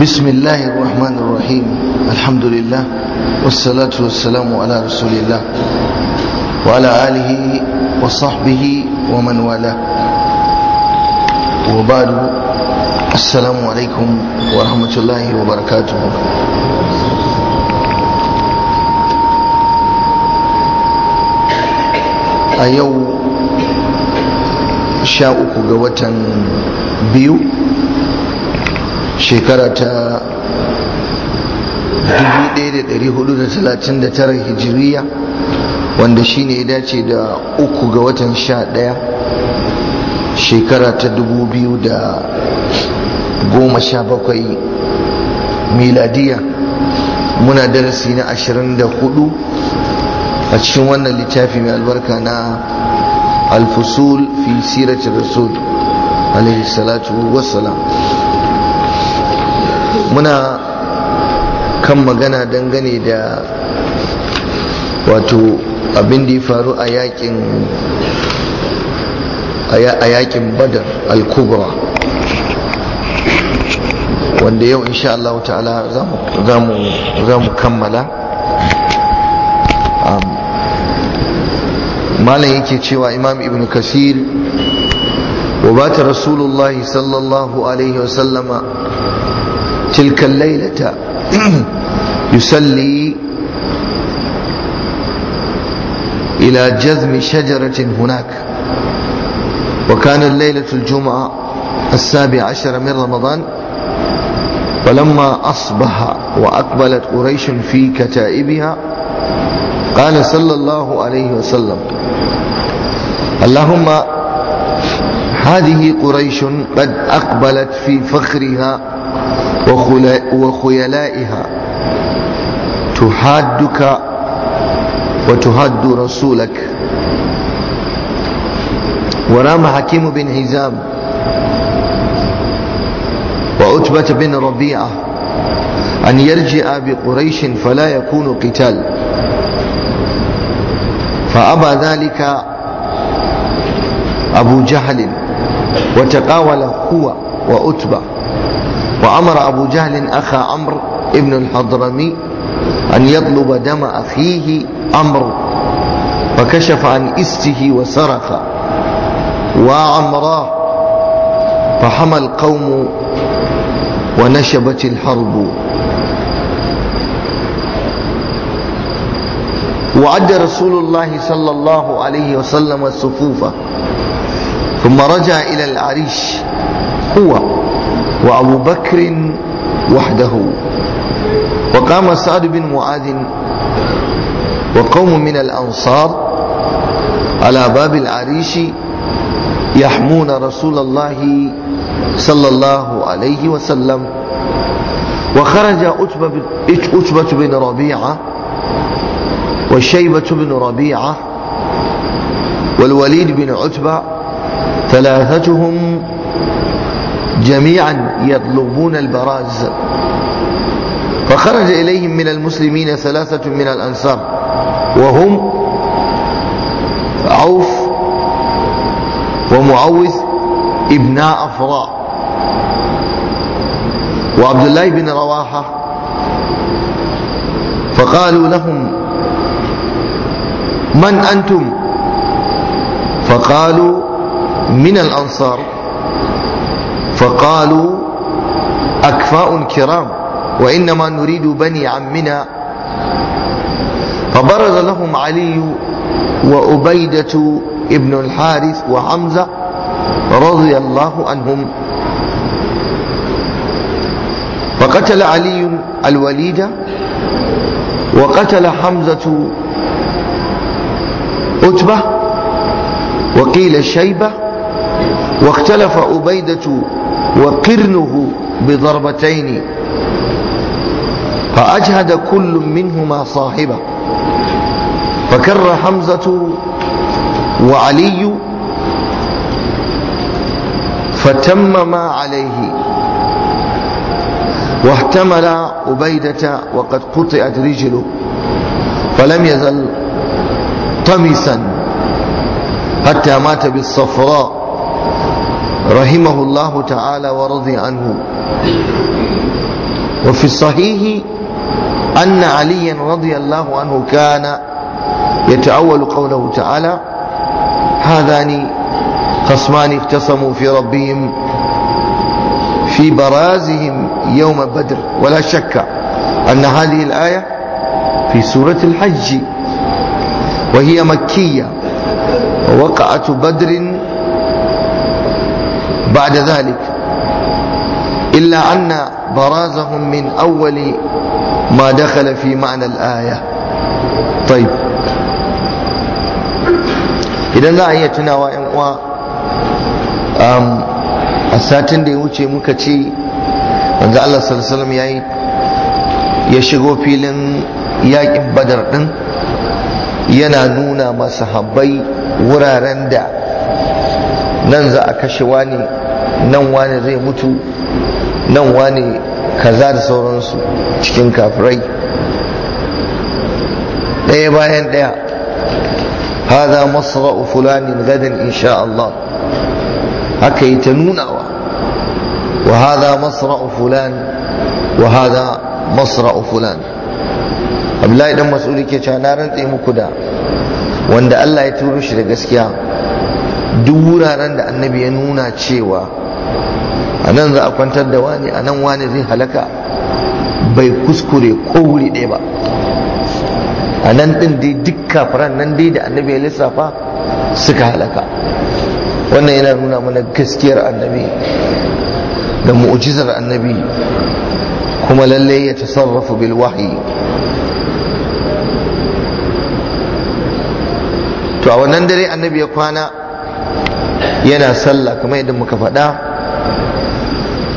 بسم الله الرحمن الرحيم الحمد لله والصلاة والسلام على رسول الله وعلى آله وصحبه ومن والاه وبعد السلام عليكم ورحمة الله وبركاته a شاوكو sha بيو shekara ta 1439 hijiriya wanda ne ya dace da uku ga watan sha ɗaya shekara ta 2017 miladiya muna darasi na 24 a cikin wannan littafi mai albarka na alfusul fi siratin rasul alaihi salatu wassalam muna kan magana dangane da wato abin da ya faru a yakin a yakin badar al-kubra wanda yau insha Allah ta'ala za mu kammala um, malam yake cewa imam ibn kasir wa رسول الله sallallahu alaihi عليه وسلم تلك الليلة يسلي إلى جذم شجرة هناك وكان ليلة الجمعة السابع عشر من رمضان فلما أصبح وأقبلت قريش في كتائبها قال صلى الله عليه وسلم اللهم هذه قريش قد أقبلت في فخرها وخيلائها تحادك وتهد رسولك ورام حكيم بن هزام وعتبة بن ربيعة أن يرجع بقريش فلا يكون قتال فأبى ذلك أبو جهل وتقاول هو وأتبه وأمر أبو جهل أخا عمرو ابن الحضرمي أن يطلب دم أخيه عمرو فكشف عن إسته وصرخ وعمراه فحمى القوم ونشبت الحرب وعد رسول الله صلى الله عليه وسلم الصفوف ثم رجع إلى العريش هو وأبو بكر وحده وقام سعد بن معاذ وقوم من الأنصار على باب العريش يحمون رسول الله صلى الله عليه وسلم وخرج عتبة بن ربيعة وشيبة بن ربيعة والوليد بن عتبة ثلاثتهم جميعا يطلبون البراز فخرج إليهم من المسلمين ثلاثة من الأنصار وهم عوف ومعوذ ابناء أفراء وعبد الله بن رواحة فقالوا لهم من أنتم فقالوا من الأنصار فقالوا أكفاء كرام وإنما نريد بني عمنا فبرز لهم علي وأبيدة ابن الحارث وحمزة رضي الله عنهم فقتل علي الوليد وقتل حمزة أتبة وقيل شيبة واختلف أبيدة وقرنه بضربتين فأجهد كل منهما صاحبه فكر حمزة وعلي فتم ما عليه واحتمل عبيدة وقد قطعت رجله فلم يزل طمسا حتى مات بالصفراء رحمه الله تعالى ورضي عنه وفي الصحيح أن عليا رضي الله عنه كان يتأول قوله تعالى هذان خصمان اختصموا في ربهم في برازهم يوم بدر ولا شك أن هذه الآية في سورة الحج وهي مكية ووقعة بدر بعد ذلك إلا أن برازهم من أول ما دخل في معنى الآية طيب idan za a iya tunawa yan uwa a satin da ya wuce muka ce wanda Allah sallallahu ya ya shigo filin yaƙin badar ɗin yana nuna masa habbai wuraren da nan za a kashe wani nan wani zai mutu nan wani kaza da sauransu cikin kafirai ɗaya bayan ɗaya haza masra'u fulanin gadan insha Allah haka yi ta nunawa wa haza masra'u fulani wa haza masra'u fulani. abdullahi dan mas'udi ke cewa na rantse muku da wanda Allah ya turo shi da gaskiya duk wuraren da annabi ya nuna cewa a nan za a kwantar da wani a nan wani zai halaka bai kuskure ko wuri ɗaya ba a nan ɗin dai duk kafiran nan dai da annabi ya lissafa suka halaka wannan yana nuna mana gaskiyar annabi da mu'jizar annabi kuma lallai ya tasarrafa bil wahyi to a wannan dare annabi ya kwana yana sallah kamar yadda muka faɗa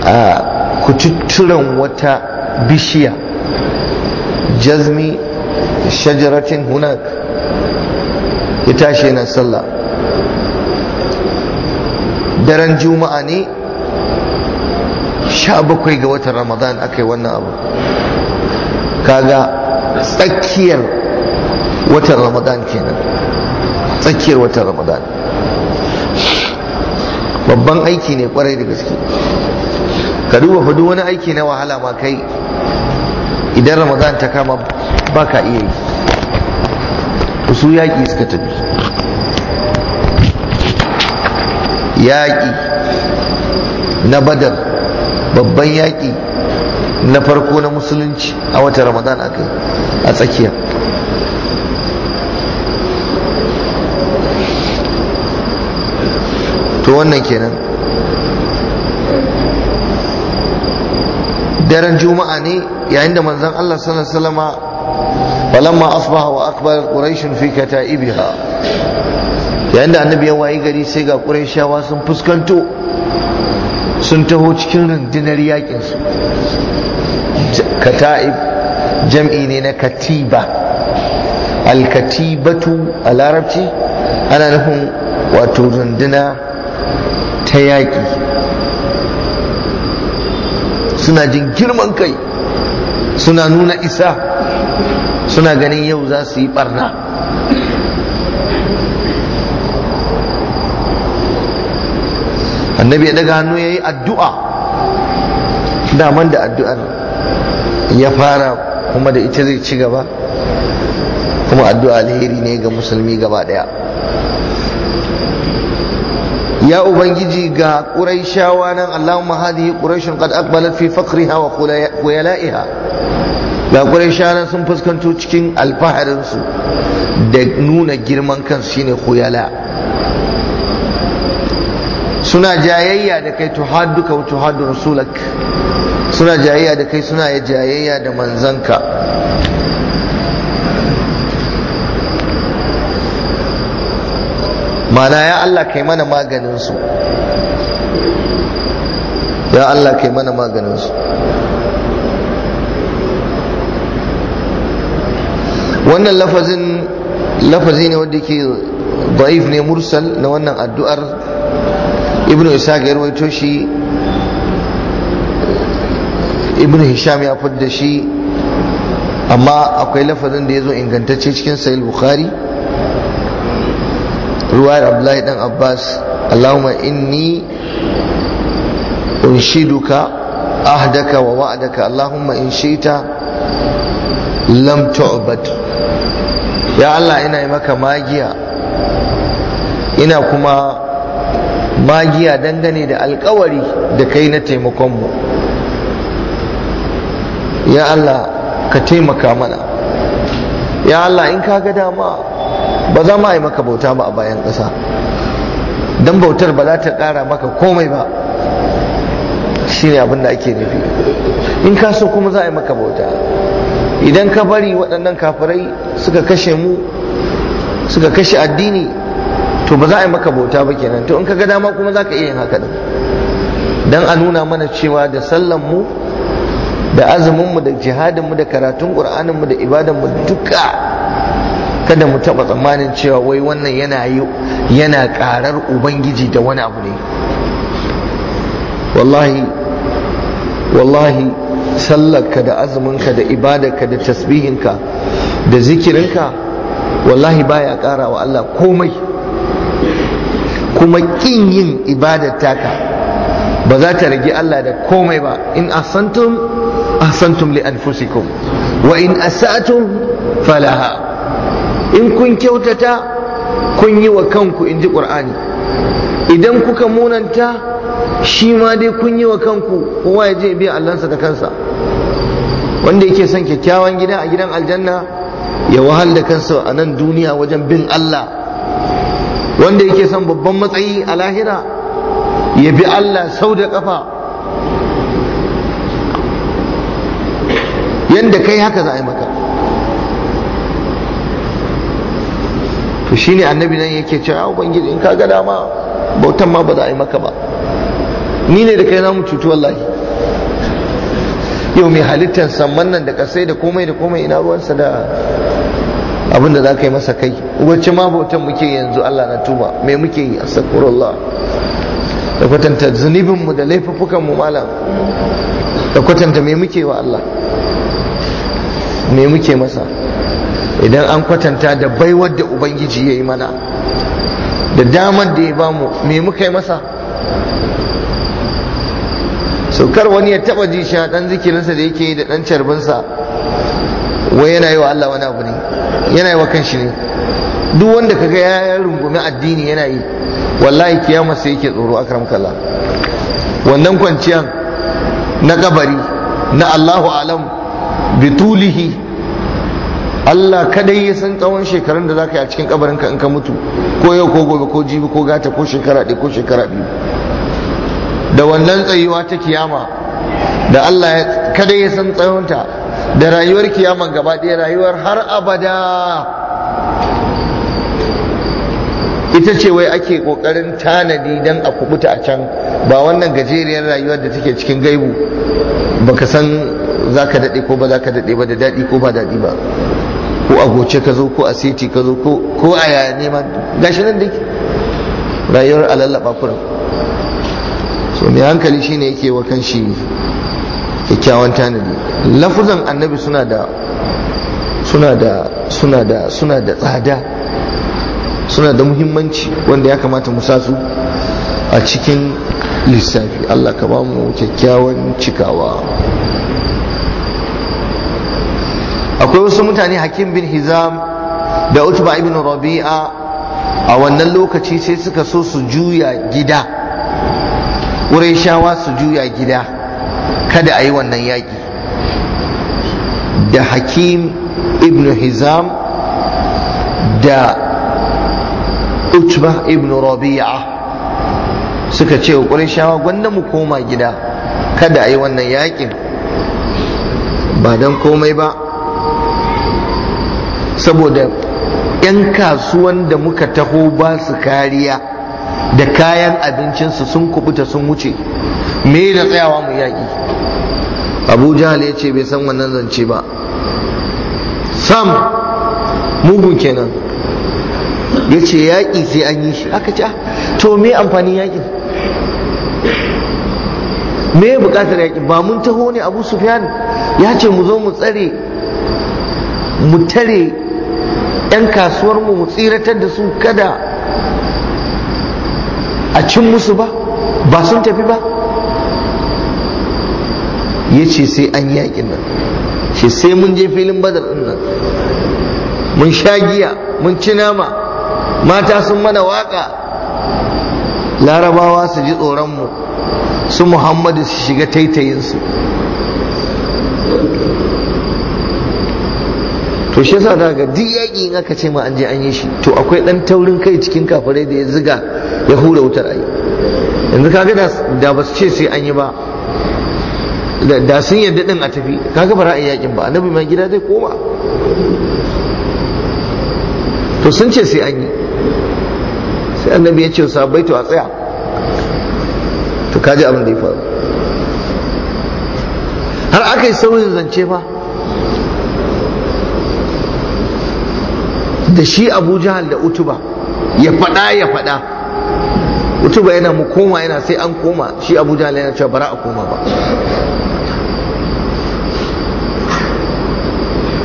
a kututturen wata bishiya jazmi shajaratin hunak ya tashi yana sallah daren juma'a ne sha bakwai ga watan ramadan aka yi wannan abu kaga tsakiyar watan ramadan kenan tsakiyar watan ramadan babban aiki ne kwarai da gaske ka duba fa wani aiki na wahala ma kai idan ramadan ta kama baka iya yi su yaƙi suka tafi yaƙi na badar babban yaƙi na farko na musulunci a wata ramadan a kai a tsakiya to wannan kenan daren juma'a ne yayin da manzon Allah sallallahu alaihi wasallama falamma asbaha wa akbar quraish fi kata'ibiha yayin da annabi ya wayi gari sai ga quraishawa sun fuskanto sun taho cikin rundunar yakin su kata'ib jam'i ne na katiba al-katibatu a larabci ana nufin wato runduna ta yaƙi suna jin girman kai suna nuna isa suna ganin yau za su yi barna annabi ya daga hannu ya yi addu'a daman da addu'ar ya fara kuma da ita zai ci gaba kuma addu'a alheri ne ga musulmi gaba ɗaya. ya ubangiji ga quraishawa nan allahumma hadhihi quraishun qad aqbalat fi faqriha wa khuyala'iha ga quraishawa nan sun fuskanto cikin alfaharin su da nuna girman kansu shine khuyala suna jayayya da kai to tuhadduka wa tuhaddu rasulak suna jayayya da kai suna jayayya da manzanka mana ya Allah kai mana maganin su ya Allah kai mana maganin su wannan lafazin lafazi ne wanda ke da'if ne mursal na wannan addu'ar ibnu isa ya rawaito shi ibnu hisham ya fadda shi amma akwai lafazin da ya zo ingantacce cikin sahih bukhari ruwayar abdullahi dan abbas allahumma inni unshiduka ahdaka wa wa'adaka allahumma in shita lam tu'bad ya allah ina yi maka magiya ina kuma magiya dangane da alkawari da kai na taimakonmu ya allah ka taimaka mana ya allah in ka ga dama ba za ma yi maka bauta ba a bayan kasa, don bautar ba za ta ƙara maka komai ba shi ne abin da ake nufi in ka so kuma za a yi maka bauta idan ka bari waɗannan kafirai suka kashe mu suka kashe addini to ba za a yi maka bauta ba kenan to in ka ga dama kuma za ka iya yin haka ne. don a nuna mana cewa da sallan mu da azumin mu da jihadin da karatun qur'anin mu da ibadan duka kada mu taɓa tsammanin cewa wai wannan yana yi yana ƙarar ubangiji da wani abu ne wallahi wallahi sallarka da azuminka da ibadarka da tasbihinka da zikirinka wallahi baya ƙara wa Allah komai kuma ƙin yin ibadar taka ba za ta rage Allah da komai ba in asantum asantum li anfusikum wa in asatum falaha in kun kyautata kun yi wa kanku in ji ƙur'ani idan kuka munanta shi ma dai kun yi wa kanku kowa ya je biya allansa da kansa wanda yake son kyakkyawan gida a gidan aljanna ya wahal da kansa a nan duniya wajen bin Allah wanda yake son babban matsayi a lahira ya bi Allah sau da ƙafa yadda kai haka za a yi maka to ne annabi nan yake ya ubangiji in ka ga dama bautan ma ba za a yi maka ba ni ne da kai na mu cutu wallahi yau mai halittar samman nan da kasai da komai da komai ina ruwansa da abin da za ka yi masa kai wacce ma bautan muke yanzu Allah na tuba me muke yi astaghfirullah da kwatanta zunubinmu da laifukanmu malam da kwatanta me muke wa Allah me muke masa idan an kwatanta da baiwar da ubangiji ya yi mana da damar da ya bamu me muka yi masa saukar wani ya taba ji shi dan zikirinsa da yake yi da dan carbinsa wai yana yi wa Allah wani abu ne yana yi wa kanshi ne duk wanda kaga ya rungumi addini yana yi wallahi kiyama sai yake tsoro a karam kala. wannan kwanciyan na kabari na Allahu alam bitulihi Allah kadai ya san tsawon shekarun da zaka yi a cikin kabarinka in ka mutu ko yau ko gobe ko jibi ko gata ko shekara ɗaya ko shekara biyu da wannan tsayuwa ta kiyama da Allah kadai ya san tsawonta da rayuwar kiyaman gaba ɗaya rayuwar har abada ita ce wai ake kokarin tanadi don a kubuta a can ba wannan gajeriyar rayuwar da take cikin gaibu baka san za ka daɗe ko ba za ka daɗe ba da daɗi ko ba daɗi ba ko a goce ka zo ko a siti ka zo ko a yaya nema gashi nan dai rayuwar a lallaba so mai hankali shine yake wa kan shi kyakkyawan tanadi lafuzan annabi suna da suna da suna da suna da tsada suna da muhimmanci wanda ya kamata mu sa su a cikin lissafi Allah ka ba mu kyakkyawan cikawa akwai wasu mutane hakim bin hizam da utba ibn rabi'a a wannan lokaci sai suka so su juya gida shawa su juya gida kada a yi wannan yaƙi da hakim ibn hizam da utba ibn rabi'a suka ce wa shawa gwanda mu koma gida kada a yi wannan yaƙin ba don komai ba saboda 'yan kasuwan da muka taho ba su kariya da kayan abincinsu sun kubuta sun wuce me da tsayawa mu yaƙi abu jahal ya ce bai san wannan zance ba sam mugun kenan ya ce yaƙi sai an yi shi aka ce ah, to me amfanin yaƙi? me buƙatar yaƙi ba mun taho ne abu sufyan ya ce mu zo mu tsare mu tare 'yan kasuwar mu tsiratar da su kada a cin musu ba ba sun tafi ba ya ce sai an yaƙin nan ce sai mun je filin badar ɗin nan mun sha giya mun ci nama mata sun mana waƙa larabawa su ji tsoronmu su muhammadu su shiga taitayinsu to shi yasa za ga duk yaƙi in aka ce ma an je an yi shi to akwai ɗan taurin kai cikin kafirai da ya ziga ya hura wutar ayi yanzu kaga da ba su ce sai an yi ba da sun yarda din a tafi kaga ba ra'ayin yakin ba annabi mai gida zai koma to sun ce sai an yi sai annabi ya ce bai to a tsaya to kaji abin da ya faru har aka yi sauyin zance fa da shi abu jahal da utuba ya faɗa ya faɗa utuba yana mu koma yana sai an koma shi abu jahal yana cewa bara a koma ba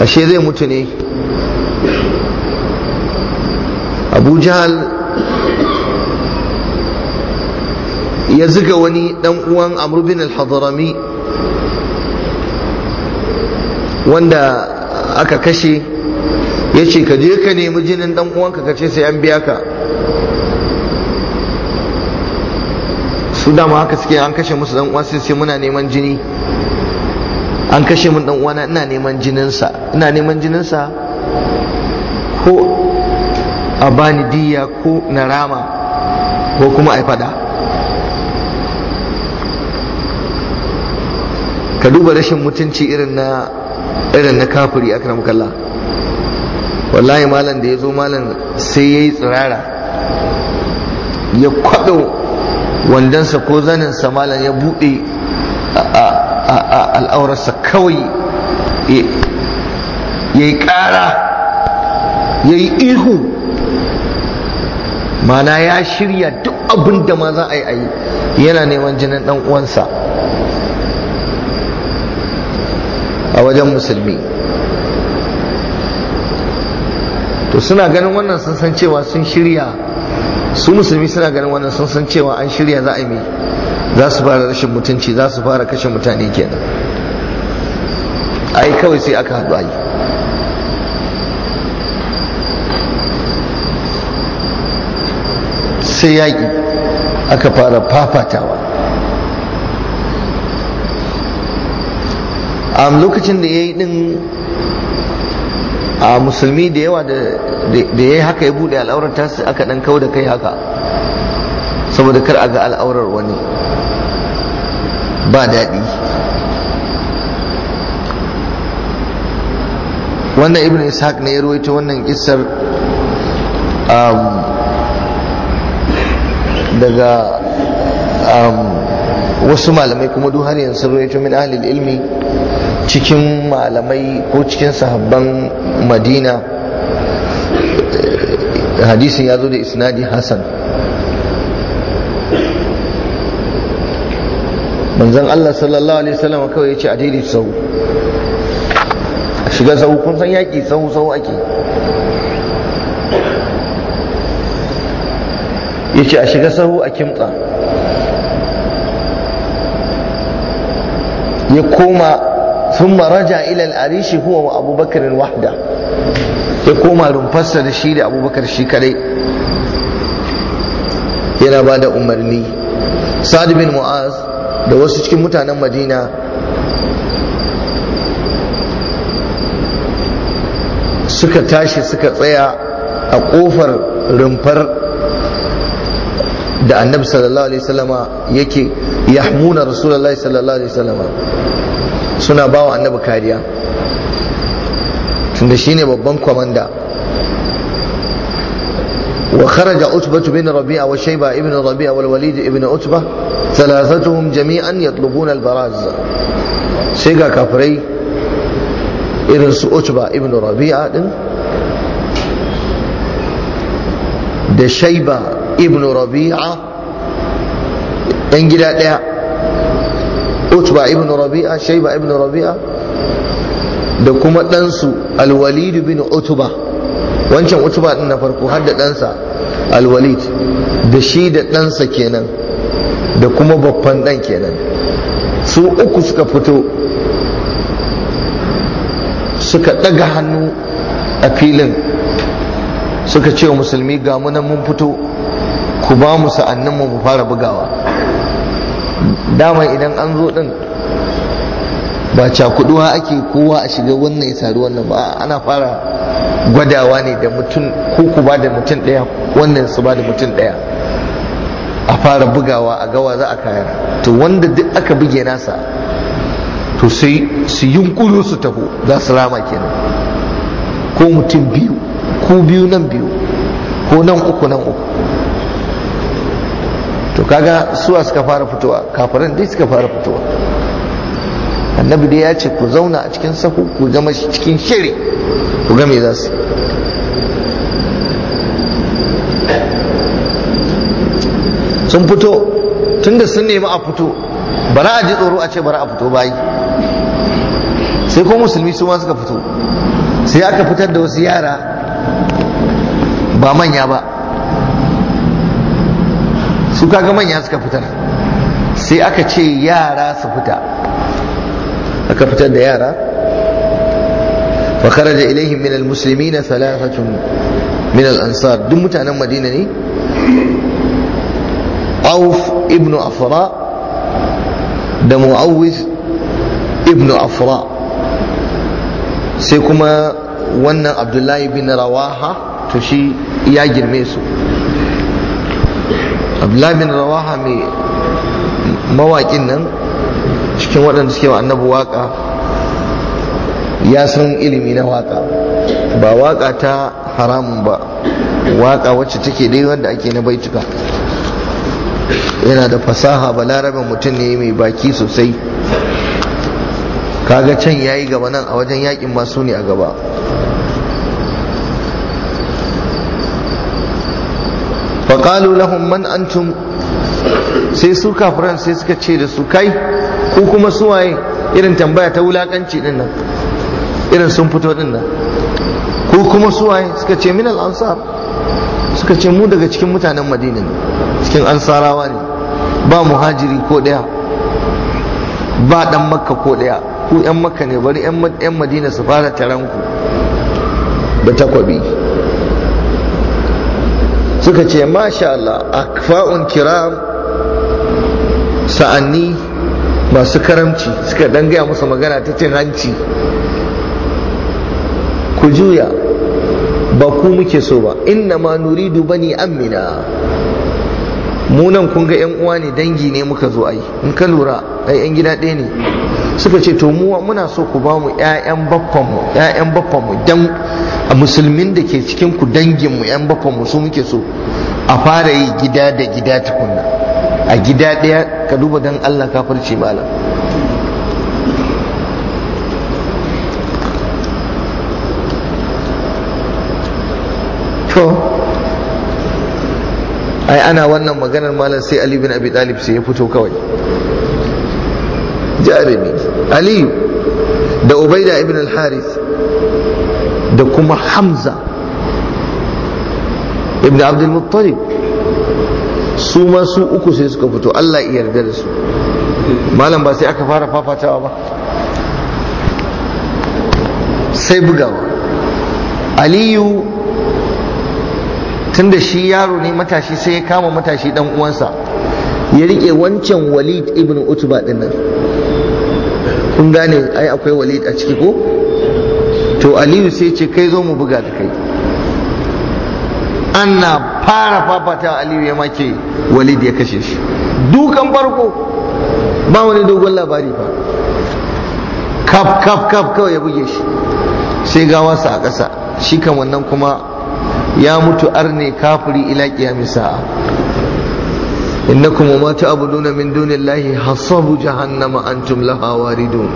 ashe zai mutu ne abu jahal ya zuga wani dan uwan amru bin al-hadrami wanda aka kashe ya ce ka je ka nemi jinin dan uwanka ka ce sai an biya ka su dama haka suke an kashe musu dan uwa sai muna neman jini an kashe mun dan uwana ina neman jinin sa, ina neman jinin sa ko a bani diya ko na rama ko kuma a fada ka duba rashin mutunci irin na irin na kafiri akramukallah wallahi malam da ya zo malam sai ya yi tsirara ya kwaɗo wandonsa ko zaninsa malam ya buɗe al'aurarsa kawai ya yi ƙara ya yi ihu mana ya shirya duk abin da ma za a yi a yi yana neman jinin ɗan uwansa a wajen musulmi to suna ganin wannan sun san cewa sun shirya su musulmi suna ganin wannan sun san cewa an shirya za a yi za su fara rashin mutunci za su fara kashe mutane kenan ai kawai sai aka haɗu ayi sai yaƙi aka fara fafatawa a lokacin da ya yi ɗin a musulmi da yawa da ya yi haka ya buɗe al'aurar ta aka ɗan kau da kai haka saboda kar a ga al'aurar wani ba daɗi wannan ibn ishaq ne ya ruwaito wannan kissar um, daga um, wasu malamai kuma duk har yanzu ruwaito min ahalil ilmi cikin malamai ko cikin sahabban madina eh, hadisin ya zo da isnadi hassan manzan Allah sallallahu alaihi wasallam kawai ce a daidai sau shiga sau kun san yaki sau sau ake ce a shiga sau a kimtsa ya koma ثم رجع إلى الأريش هو وأبو بكر وحده da shi da Abubakar shi kadai. yana ba da umarni sa'ad bin mu'az da wasu cikin mutanen madina suka tashi suka tsaya a kofar rumfar da annabi sallallahu alaihi wasallama yake yahmuna rasulullahi sallallahu alaihi wasallama suna ba wa annabi kariya tunda shi ne babban kwamanda wa kharaja utba bin rabi'a wa shayba ibn rabi'a wal walid ibn utba thalathatuhum jami'an yatlubuna al baraz sai ga kafirai irin su utba ibn rabi'a din da shayba ibn rabi'a dan gida daya utba ibn rabi'a shaiba ibn rabi'a da kuma ɗansu alwalid bin utba wancan utba din na farko har da ɗansa alwalid da shi da ɗansa kenan da kuma babban ɗan kenan su uku suka fito suka ɗaga hannu a filin suka ce wa musulmi ga munan mun fito ku ba mu sa'annin mu fara bugawa dama idan an zo din ba cakuduwa ake kowa a shiga wannan ya sari wannan ba ana fara gwadawa ne da mutum ko ku ba da mutum ɗaya wannan su ba da mutum ɗaya a fara bugawa a gawa za a kaya. to wanda duk aka buge nasa to sai su yunkuru su taho za su rama kenan ko mutum biyu ko biyu nan biyu ko nan uku nan uku kaga suwa suka fara fitowa kafiran dai suka fara fitowa annabi dai ya ce ku zauna a cikin sahu ku gama cikin shiri ku ga me za su sun fito tunda sun nemi a fito bara a ji tsoro a ce bara a fito bayi sai ko musulmi su ma suka fito sai aka fitar da wasu yara ba manya ba su kaga manya suka fitar sai aka ce yara su fita aka fitar da yara Fakarar da ilaihim min musulmi na min al-ansar duk mutanen madina ne auf ibn afra da mu'awwiz ibnu afra sai kuma wannan abdullahi bin rawaha to shi ya girme su abdullahi rawaha mai mawaƙin nan cikin waɗanda suke wa annabi waƙa ya san ilimi na waƙa ba waƙa ta haramun ba waƙa wacce take dai wanda ake na baituka yana da fasaha ba larabin mutum ne mai baki sosai kaga can yayi gaba nan a wajen yakin masu ne a gaba faƙalu lahum man antum sai su kafiran sai suka ce da su kai ko kuma suwaye irin tambaya ta wulakanci din nan irin sun fito din nan ko kuma suwaye suka ce min al-ansar suka ce mu daga cikin mutanen madina ne cikin ansarawa ne ba muhajiri ko ɗaya ba ɗan makka ko ɗaya ku ƴan makka ne bari ƴan madina su fara taranku da takwabi suka ce masha Allah akfa'un kiram sa'anni masu karamci suka dangaya musu magana ta cin hanci ku juya ba ku muke so ba inna ma nuridu bani amina Munan nan kun ga yan uwa ne dangi ne muka zo ai in ka lura ai yan gida ɗaya ne suka ce to mu muna so ku ba mu ƴaƴan baffan mu ƴaƴan baffan mu dan musulmin da ke cikin ku dangin mu ƴan baffan mu su muke so a fara yi gida da gida tukunna a gida ɗaya ka duba dan Allah ka farce malam to ai ana wannan maganar malam sai ali bin abi talib sai ya fito kawai jarumi ali da ubaida ibn al-haris da kuma hamza ibn al muttalib su ma su uku sai suka fito Allah ya yarda da su malam ba sai aka fara fafatawa ba sai bugawa aliyu da shi yaro ne matashi sai ya kama matashi dan uwansa ya rike wancan walid ibn utba din nan kun gane ai akwai walid a ciki ko to aliyu sai ce kai zo mu buga da kai ana fara fafata aliyu ya make walid ya kashe shi dukan farko ba wani dogon labari ba kaf kaf kaf kawai ya buge shi sai gawarsa a ƙasa shi kan wannan kuma ya mutu arne kafiri ila sa'a innakum ma ta'buduna min dunillahi hasabu jahannama antum laha waridun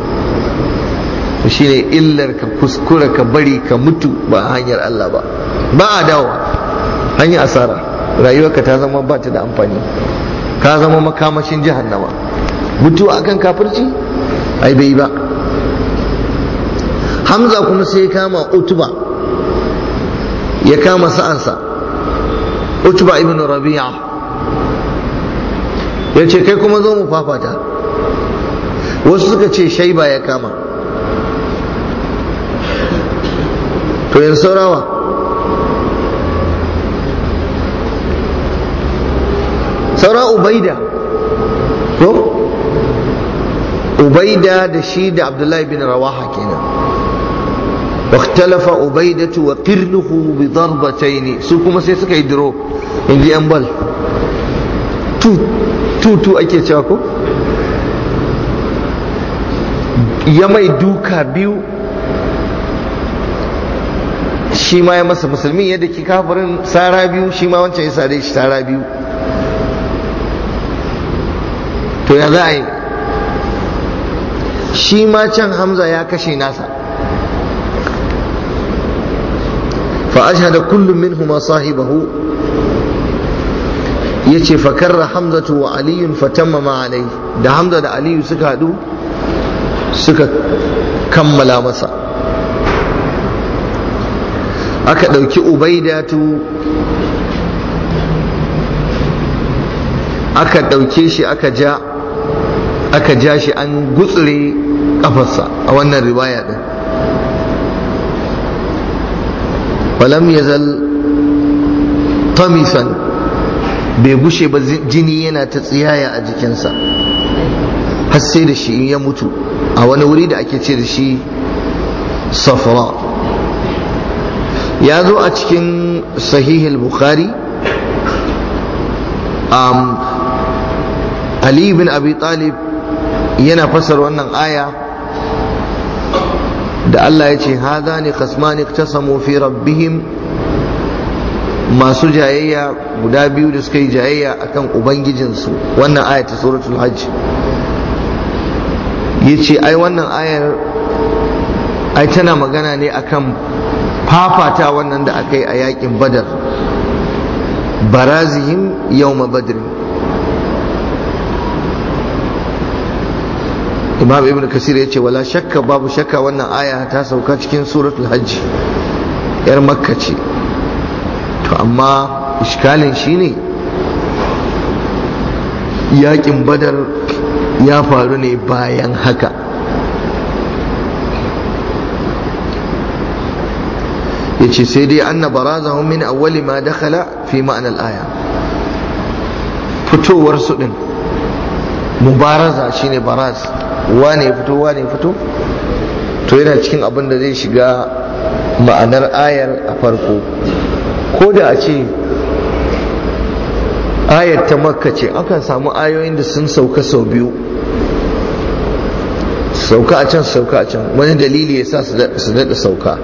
shine illar ka kuskura ka bari ka mutu ba hanyar Allah ba ba a dawa hanyar asara rayuwarka ta zama ba ta da amfani ka zama makamashin jahannama mutu akan kafirci ai bai ba hamza kuma sai kama utuba ya kama sa'ansa utba ibn rabi'a ya ce kai kuma zo mu fafata wasu suka ce shaiba ya kama to yin saurawa saura ubaida ko ubaida da shi da abdullahi bin rawaha kenan واختلف عبيدة وقرنه بضربتين سوكما سيسكا يدرو إن دي أمبال تو تو تو أكي تشاكو يما دوكا بيو shi ma ya masa musulmi yadda ki kafirin tsara biyu shi ma wancan ya sare shi tsara biyu to ya za a yi shi ma can hamza ya kashe nasa fa ashhada kullum minhuma sahibahu yace fa karra hamzatu wa Aliyu fa tammama alai da hamza da aliyu suka hadu suka kammala masa aka ɗauki ubaidatu aka ɗauke shi aka ja aka ja shi an gutsure ƙafarsa a wannan riwaya ɗin falam yazal tamisan bai gushe ba jini yana ta tsiyaya a jikinsa har sai da shi ya mutu a wani wuri da ake ce da shi safara ya zo a cikin sahihul bukhari ali bin abi talib yana fasar wannan aya da Allah ya ce ne ta iktasamu fi rabbihim masu jayayya guda biyu da suka yi jayayya akan ubangijinsu wannan aya ta suratul hajj ce ai wannan ayar ai tana magana ne akan fafata wannan da aka yi a yakin badar barazihim yau badrin imam ibn kasir ya ce wala shakka babu shakka wannan aya ta sauka cikin suratul hajji yar makka ce to amma iskalin shine yakin badar ya faru ne bayan haka yace sai dai anna baraza min awwali ma dakhala fi ma'anar aya fitowar su din mubaraza shine Baras. wane ya fito wane ya fito to yana cikin abin da zai shiga ma'anar ayar a farko ko da a ce ayar ta makka ce akan samu ayoyin da sun sauka sau biyu sauka a can sauka a can wani dalili ya sa su daɗa sauka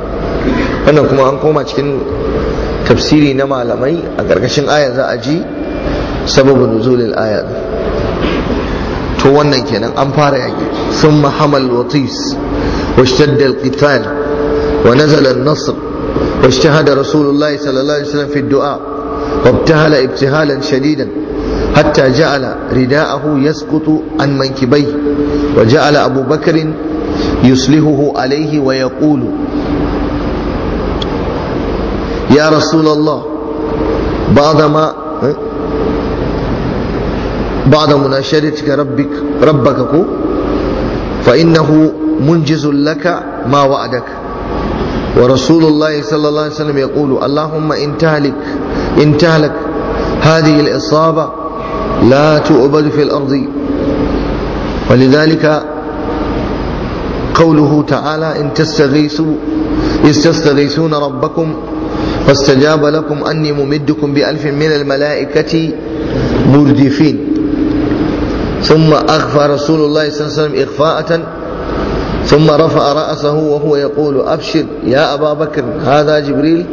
wannan kuma an koma cikin tafsiri na malamai a ƙarƙashin aya za a ji sababin nuzulil aya to wannan kenan an fara yaki sun mahamal nasr wa ijtahada dua wa ibtihalan shadidan hatta ja'ala rida'ahu yasqutu an mankibai wa ja'ala abu bakrin yuslihuhu alayhi ya rasulullah بعد مناشرتك ربك ربك فإنه منجز لك ما وعدك ورسول الله صلى الله عليه وسلم يقول اللهم إن تهلك إن تهلك هذه الإصابة لا تؤبد في الأرض ولذلك قوله تعالى إن تستغيثوا يستغيثون ربكم فاستجاب لكم أني ممدكم بألف من الملائكة مردفين ثم أخفى رسول الله صلى الله عليه وسلم إخفاءة ثم رفع رأسه وهو يقول أبشر يا أبا بكر هذا جبريل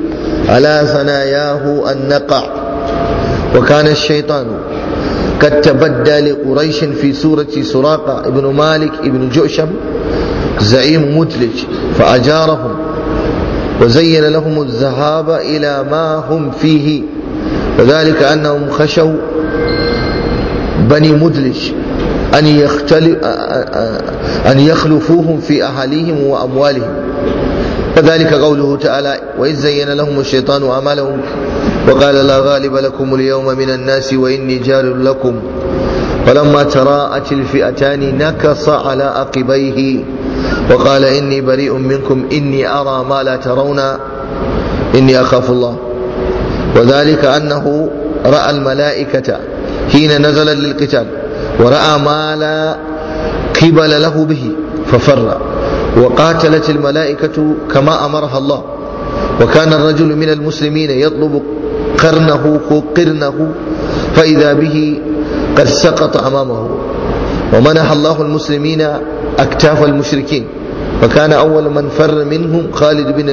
على ثناياه النقع وكان الشيطان قد تبدى لقريش في سورة سراقة ابن مالك ابن جؤشم زعيم مدلج فأجارهم وزين لهم الذهاب إلى ما هم فيه وذلك أنهم خشوا بني مدلج أن, أن يخلفوهم في أهاليهم وأموالهم فذلك قوله تعالى وإذ زين لهم الشيطان أعمالهم وقال لا غالب لكم اليوم من الناس وإني جار لكم فلما تراءت الفئتان نكص على عقبيه وقال إني بريء منكم إني أرى ما لا ترون إني أخاف الله وذلك أنه رأى الملائكة حين نزل للقتال ورأى ما لا قبل له به ففر وقاتلت الملائكة كما أمرها الله وكان الرجل من المسلمين يطلب قرنه قرنه فإذا به قد سقط أمامه ومنح الله المسلمين أكتاف المشركين فكان أول من فر منهم خالد بن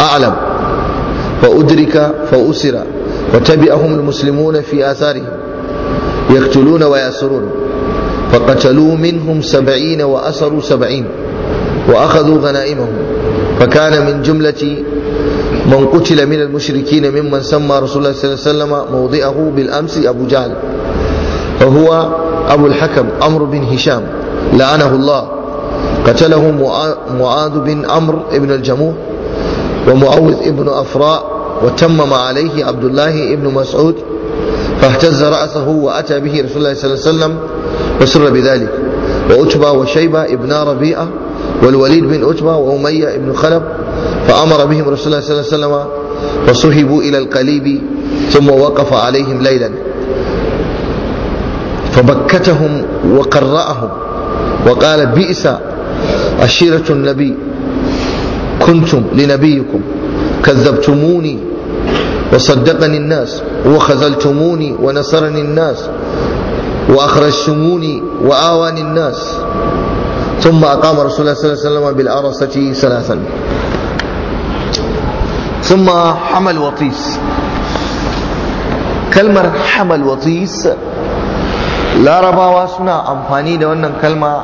الأعلم فأدرك فأسر وتبعهم المسلمون في آثارهم يقتلون ويأسرون فقتلوا منهم سبعين وأسروا سبعين وأخذوا غنائمهم فكان من جملة من قتل من المشركين ممن سمى رسول الله صلى الله عليه وسلم موضعه بالأمس أبو جهل فهو أبو الحكم أمر بن هشام لعنه الله قتله معاذ بن أمر ابن الجموع ومعوذ ابن أفراء وتمم عليه عبد الله ابن مسعود فاهتز رأسه وأتى به رسول الله صلى الله عليه وسلم وسر بذلك وأتبى وشيبة ابن ربيعة والوليد بن أتبى وأمية بن خلب فأمر بهم رسول الله صلى الله عليه وسلم فصحبوا إلى القليب ثم وقف عليهم ليلا فبكتهم وقرأهم وقال بئس عشيرة النبي كنتم لنبيكم كذبتموني وصدقني الناس وخذلتموني ونصرني الناس وأخرجتموني وآواني الناس ثم أقام رسول الله صلى الله عليه وسلم بالأرصة ثلاثا ثم حمل وطيس كلمة حمل وطيس لا ربا واسنا أمفاني wannan أن كلمة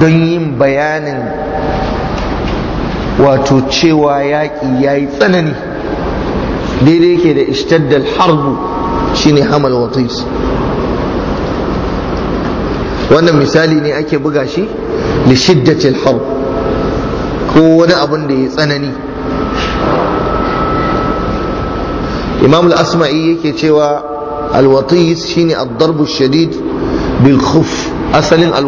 دين بيان wato cewa ياي ثنني daidai yake da ishtaddal harbu shine hamal watis wannan misali ne ake buga shi da shiddatil harb ko wani abin da ya tsanani imam al-asma'i yake cewa al-watis shine ad-darbu shadid bil khuf asalin al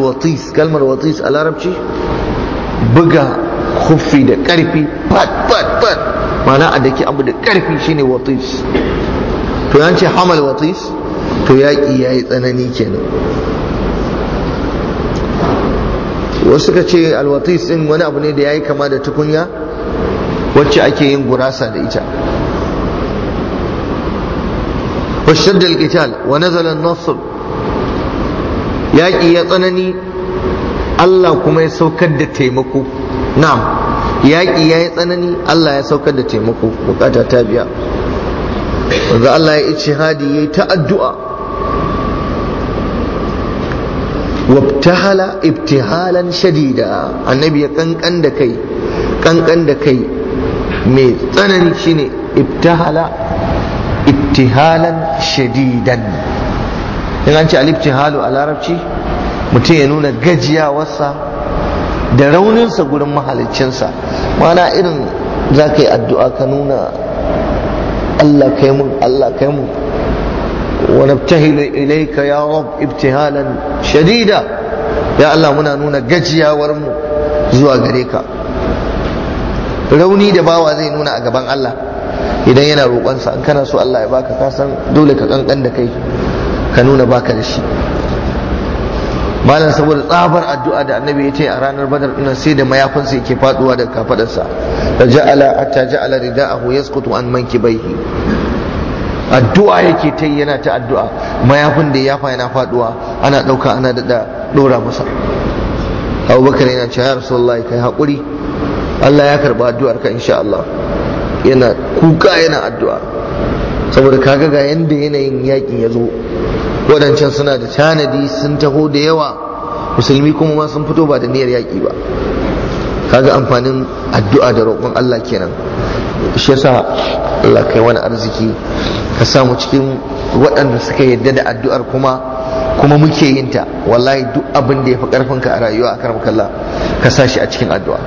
kalmar watis a larabci buga khuffi da karfi fat mana a daki abu da karfi shine watis to yan ce hamal watis to yaƙi ya yi tsanani kenan wasu ka ce alwatis din wani abu ne da ya yi kama da tukunya wacce ake yin gurasa da ita alkital wa ونزل nasir yaƙi ya tsanani Allah kuma ya saukar da taimako na'am yaƙi ya yi tsanani Allah ya saukar da taimako bukata ta biya wanda Allah ya ice hadi ya yi ta addu'a wabtahala ibtihalan shadida annabi ya kankan da kai kankan da kai mai tsanani shine ibtahala ibtihalan shadidan in an ce al-ibtihalu a larabci mutum ya nuna gajiyawarsa da rauninsa gurin sa, mana irin za ka yi addu'a ka nuna Allah kai mun Allah kai mun ونبتهل إليك ya رب ibtihalan shadida Ya Allah muna nuna gajiyawar mu zuwa gare ka rauni da bawa zai nuna a gaban Allah idan yana roƙonsa an kana so Allah ya baka kasan? dole ka kankan da kai ka nuna baka da shi malam saboda tsafar addu'a da annabi ya ce a ranar badar ina sai da sa yake faduwa da kafadar sa da ja'ala hatta ja'ala rida'ahu yasqutu an mankibaihi addu'a yake ta yana ta addu'a mayafin da yafa yana faduwa ana dauka ana dada dora masa abubakar yana cewa ya rasulullahi kai hakuri. allah ya karba addu'ar ka insha allah yana kuka yana addu'a saboda kaga ga yanda yanayin yakin ya zo waɗancan suna da tanadi sun taho da yawa musulmi kuma ma sun fito ba da niyyar yaƙi ba kaga amfanin addu'a da roƙon Allah kenan shi yasa Allah kai wani arziki ka samu cikin waɗanda suka yarda da addu'ar kuma kuma muke yin ta wallahi duk abin da ya fi karfin ka a rayuwa a karfin kalla ka sa shi a cikin addu'a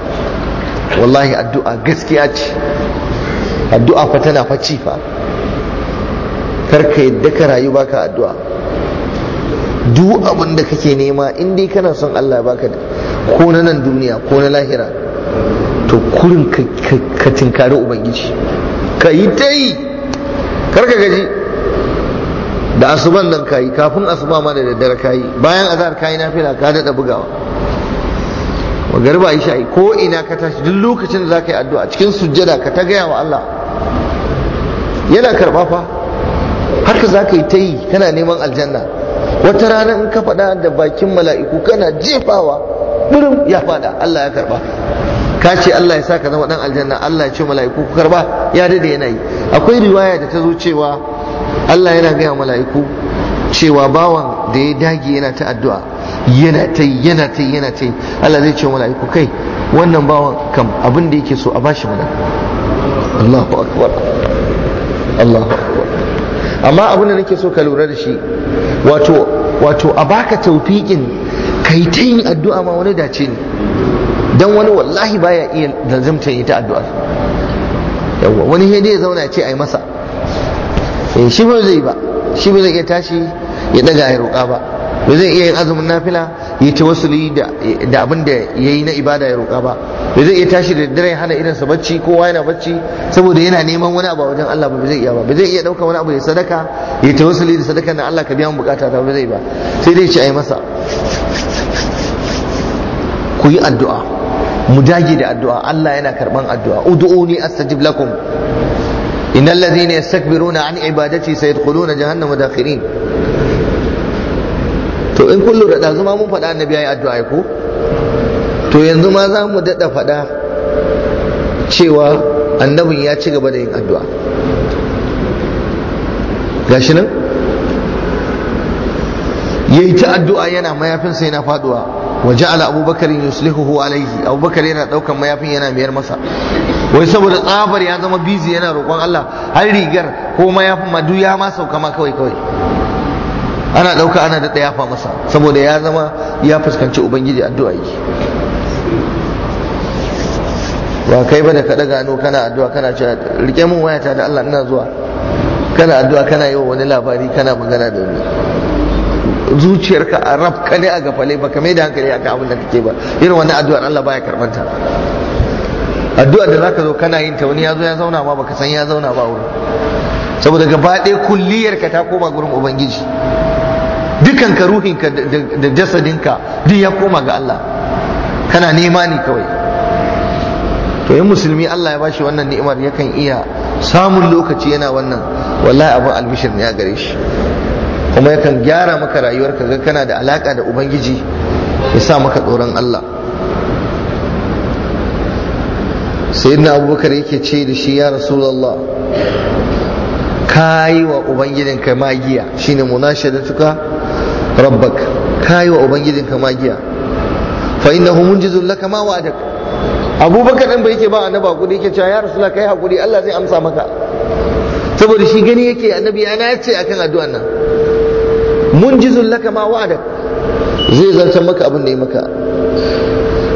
wallahi addu'a gaskiya ce addu'a fa tana fa ci fa kar ka yadda ka rayu baka addu'a duk abin da kake nema in dai kana son Allah baka ko na nan duniya ko na lahira to kurin ka tinkari ubangiji ka yi ta yi karka gaji da asuban nan kayi kafin asuba ma da daddare kayi bayan azhar kayi nafila ka daɗa bugawa Garba yi sha'i ko ina ka tashi duk lokacin da ka yi addu'a cikin sujjada ka ta gaya wa Allah yana karba fa haka ka yi ta yi kana neman aljanna wata rana in ka faɗa da bakin mala'iku kana jefawa burin ya faɗa Allah ya karba ka ce Allah ya sa ka zama dan aljanna Allah ya ce mala'iku ku karba ya dade yana yi akwai riwaya da ta zo cewa Allah yana gaya mala'iku cewa bawan da ya dage yana ta addu'a yana ta yana ta yana ta Allah zai ce mala'iku kai wannan bawan kam abin da yake so a bashi mana Allahu akbar Allahu akbar amma abin da nake so ka lura da shi wato wato a baka taufiƙin kai ta yin addu'a ma wani dace ne dan wani wallahi baya iya zanzamta yi ta addu'a yawa wani hede ya zauna ce ai masa eh, shi ba zai ba shi ba zai iya tashi ya daga ya roƙa ba ba zai iya yin azumin nafila ya ce wasu da abin da ya yi na ibada ya roƙa ba ba zai iya tashi da dare hana irinsa bacci kowa yana bacci saboda yana neman wani abu a wajen Allah ba zai iya ba ba zai iya ɗauka wani abu ya sadaka ya ce wasu da sadaka na Allah ka biya mu bukata ta ba zai ba sai dai ce a yi masa ku yi addu'a mu dage da addu'a Allah yana karɓan addu'a ud'uni astajib lakum innal ladhina yastakbiruna an ibadati sayadkhuluna jahannama dakhirin in kun da da zuma mun faɗa annabi yi addu'a ko to yanzu ma za mu daɗa faɗa cewa annabin ya ci gaba da yin addu'a gashi nan ya yi ta addu'a yana mayafin sai yana faduwa wa ja'ala abubakar hu alaihi abubakar yana ɗaukar mayafin yana mayar masa wai saboda tsabar ya zama bizi yana roƙon Allah har rigar ko mayafin ma duk ya ma sauka ma kawai kawai ana ɗauka ana da yafa masa saboda ya zama ya fuskanci ubangiji addu'a yi ba kai ba da ka daga hannu kana addu'a kana cewa rike mun wayata da Allah ina zuwa kana addu'a kana yi wa wani labari kana magana da wani zuciyarka a ka ne a gafale ba ka mai da hankali akan abin da kake ba irin wannan addu'ar Allah baya karɓar ta da zaka zo kana yin ta wani ya zo ya zauna ma baka san ya zauna ba wuri saboda gaba ɗaya kulliyarka ta koma gurin ubangiji Dukanka ka ruhinka da jasadinka duk ya koma ga Allah kana nema ne kawai to yin musulmi Allah ya bashi wannan ni'imar yakan iya samun lokaci yana wannan wallahi abin albishir ne a gare shi kuma yakan gyara maka rayuwarka ga kana da alaka da ubangiji ya sa maka tsoron Allah sayyidina abubakar yake ce da shi ya rasulullah ka yi wa ubangijinka magiya shine munashadatuka rabbak kayi wa ubangijinka magiya fa innahu munjizun laka ma wa'adak abubakar din bai yake ba annaba kudi yake cewa ya rasulullah kai hakuri Allah zai amsa maka saboda shi gani yake annabi ana yace akan addu'an nan munjizun laka ma wa'adak zai zantar maka abin da ya maka